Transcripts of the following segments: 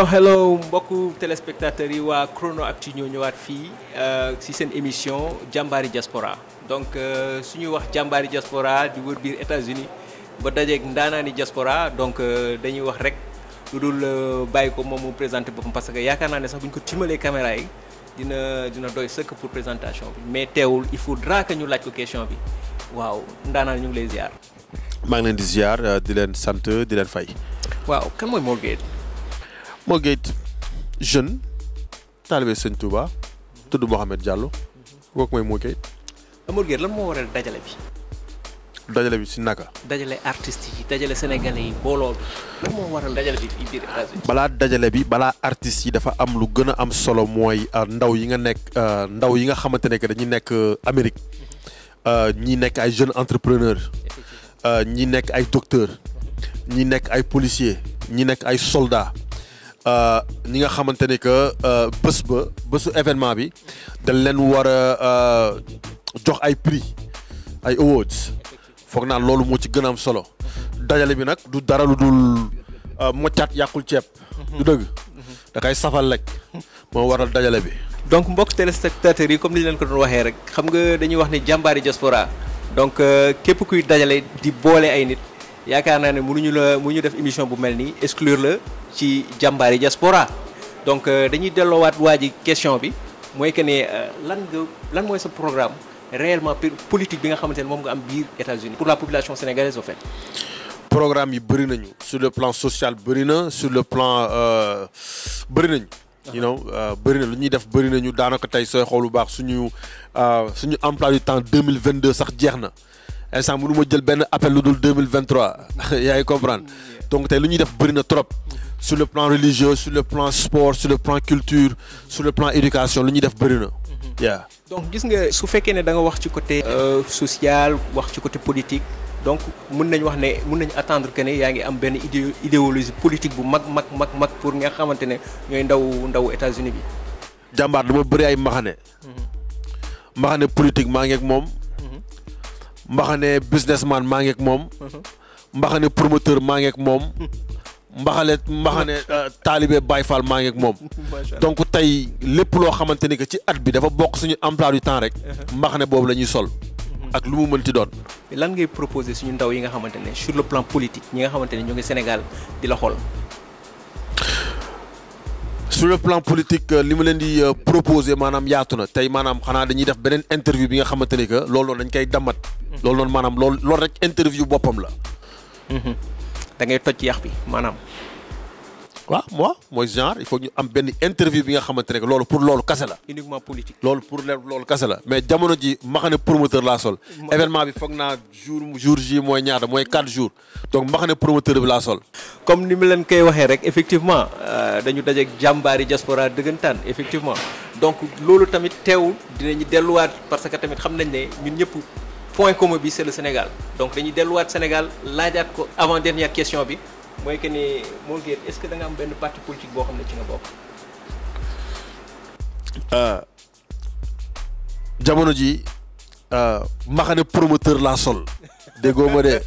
hello oh, hello mbokku téléspectateurs yi waa Chrono Actu ñoo ñëwaat fii euh, ci seen émission jàmbaari diaspora donc euh, suñuy wax jàmbaari diaspora di wër biir États-Unis ba dajeek ndaanaani diaspora donc euh, dañuy wax rek lu dul bàyyi ko moom mu présenté boppam parce que yaakaar naa ne sax bu ko timalee caméra yi dina doy sëkk pour présentation bi mais teewul il faudra que ñu laaj ko question bi waaw ndaanaan ñu ngi lay ziar. maa ngi leen di ziar di leen sant di leen fay. waaw Mo Gates jeune taalibe sëñ Touba tudd Mouhamed Diallo kooku mooy Mo Gates. moo waral dajale bi. bi si naka. dajale artistes yi dajale sénégalais yi moo waral dajale bi biir balaa dajale bi balaa artistes yi dafa am lu gën a am solo mooy euh, ndaw yi nga nekk euh, ndaw yi nga xamante ne que dañuy nekk euh, Amérique ñi nekk ay jeunes entrepreneurs ñi nekk ay docteurs ñi nekk ay policier ñi nekk ay solda ñi nga xamante ni que euh, bés ba bésu événement bi dañ leen war a euh, jox ay prix ay awards foog naa loolu moo ci gën a am solo dajale bi nag du dara lu dul euh, moccaat yàqul ceeb. du dëgg da kay safal lekk moo waral dajale bi. donc mbokk téléspectateurs yi comme li leen ko doon waxee rek xam nga dañuy wax ni jàmbaari diaspora donc képp kuy dajale di boole ay nit. yaakaar naa ne mënuñu la ñu def émission bu mel nii exclure la ci jàmbaari diaspora donc euh, dañuy delloowaat waa ji question bi mooy que ne euh, lan lan mooy sa programme réellement politique bi nga xamante ne moom nga am biir États-Unis pour la population sénégalaise au fait. programme yi bëri nañu sur le plan social bëri na sur le plan euh, bëri nañu. you know bëri na lu ñuy def bëri nañu daanaka tey sooy xool bu baax suñu suñu emploi du temps mille vingt deux sax jeex na. instant mënu ma jël benn appel lu dul 2023 yaa ngi comprendre donc tey lu ñuy def bëri na trop sur le plan religieux sur le plan sport sur le plan culture sur le plan éducation lu ñuy def bëri na mhm. donc gis nga su fekkee ne da nga wax ci côté euh, sociale wax ci côté politique donc mun nañu wax ne mun nañ attendre que ne yaa ngi am benn idé idéologie politique bu mag mag mag mag pour nga xamante ne ñooy ndaw ndaw États-Unis bi jàmbaar dama bëri ay maxane maxane mhm. politique maa ngeeg moom mbaxane businessman maa ngi moom. mbaxane promoteur maa ngi moom. mbaxale mbaxane euh, taalibe Baye Fall maa ngi ak moom. donc tey lépp loo xamante ni que ci at bi dafa bokk suñu emploi du temps rek. Uh-huh. mbaxane boobu la ñuy sol. Uh-huh. ak lu mu mënti doon. lan ngay proposer suñu ndaw yi nga xamante ne sur le plan politique ñi nga xamante ne ñu ngi Sénégal di la xool. sur le plan euh, li ma leen di euh, proposer maanaam yaatu na tey maanaam xanaa dañuy def beneen interview bi nga xamante ni que loolu dañ koy dammat. loolu noonu maanaam loolu loolu rek interview boppam la. Mhm. da ngay toj yax bi maanaam. waaw moi mooy genre il faut ñu am benn interview bi nga xamante ne loolu pour loolu kase la. uniquement politique. loolu pour loolu kase la mais jamono ji mbaxane promoteur laa sol. événement bi foog naa jour jour ji mooy ñaata mooy quatre jours donc mbaxane promoteur bi laa sol. comme ni mu leen koy waxee rek effectivement euh, dañu dajeeg jàmbaari diaspora dëggantaan effectivement donc loolu tamit teewul dinañu delluwaat parce que tamit xam nañ ne ñëpp. point commun bi c'est le Sénégal donc dañuy delluwaat Sénégal laajaat ko avant dernière question bi mooy que ni moo ngi est-ce que da am benn parti politique boo xam ne ci nga bokk. Euh, jamono ji euh, maxane promoteur laa sol déggoo ma de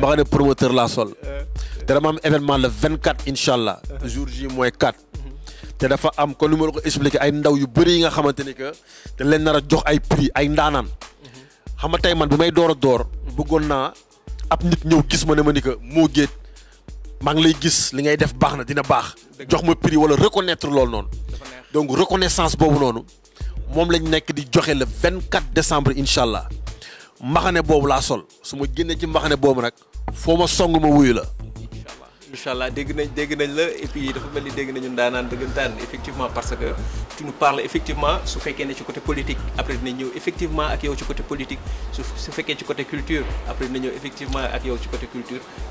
maxane promoteur laa sol euh. te dama am événement le 24 incha allah jour J mooy 4 mhm. te dafa am kon lu ma ko expliqué ay ndaw yu bëri yi nga xamante ni que te leen nar a jox ay prix ay ndaanaan. xam nga tey man bi may door a door bëggoon naa ab nit ñëw gis ma ne ma ni que moo géet maa ngi lay gis li ngay def baax na dina baax jox ma prix wala reconnaître loolu noonu donc reconnaissance boobu noonu moom lañ nekk di joxe le 24 décembre incha allah mbaxane boobu laa sol su ma génnee ci mbaxane boobu rek foo ma song ma wuyu la incha allah dégg nañ dégg nañ la et puis dafa mel ni dégg nañu ndaanaan dëggantaan effectivement parce que tu nous parles effectivement su fekkee ne ci côté politique après dina ñëw effectivement ak yow ci côté politique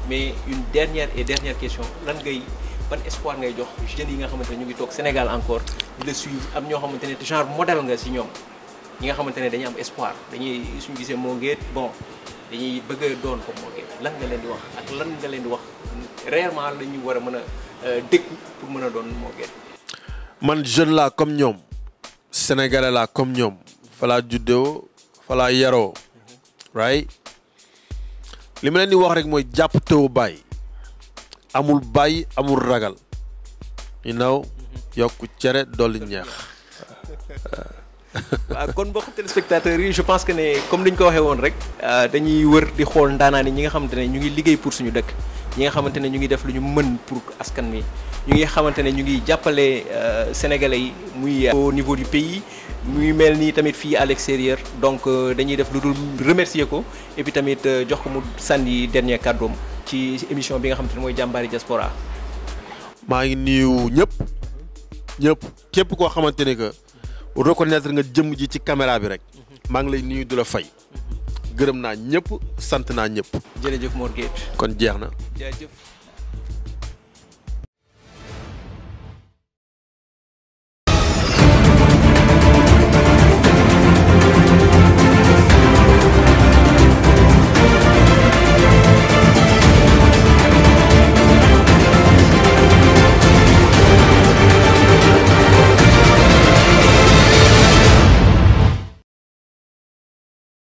mais une dernière et dernière question lan ngay ban espoir ngay jox jeunes yi nga xamante ne ñu ngi toog Sénégal encore di la suivre am ñoo xamante ne genre modèle nga si ñoom ñi nga xamante ne dañuy am espoir dañuy suñu gisee moo ngeet bon dañuy bëgg a doon ko moo lan leen di wax lan nga leen di wax réellement la ñu war a mën a euh, dëkku pour mën a doon moo man jeune laa comme ñoom sénégalais laa comme ñoom falaa juddoo fala yaroo waaye li ma leen di wax rek mooy jàpp tëw bàyyi amul bàyyi amul ragal you naw mm-hmm. yokk cere dolli ñeex waaw kon mbokk téléspectateurs yi je pense que ne comme ni ko waxee woon rek euh, dañuy wër di xool ndaanaan yi ñi nga xamante ne ñu ngi liggéey pour suñu dëkk ñi nga xamante ne ñu ngi def lu ñu mën pour askan mi ñu ngi xamante ne ñu ngi jàppale euh, sénégalais yi muy euh, au niveau du pays muy mel nii tamit fii à l'extérieur donc dañuy def lu dul remercier ko et puis tamit jox ko mu sànni dernier kàddoom ci émission bi nga xamante ne mooy jàmbaari diaspora maa ngi nuyu ñëpp ñëpp koo xamante ne reconnaître nga jëm ji ci caméra bi rek maa ngi lay nuyu du la fay gërëm naa ñëpp sant naa ñëpp. jërëjëf Mor Gueye. kon jeex na. jaajëf.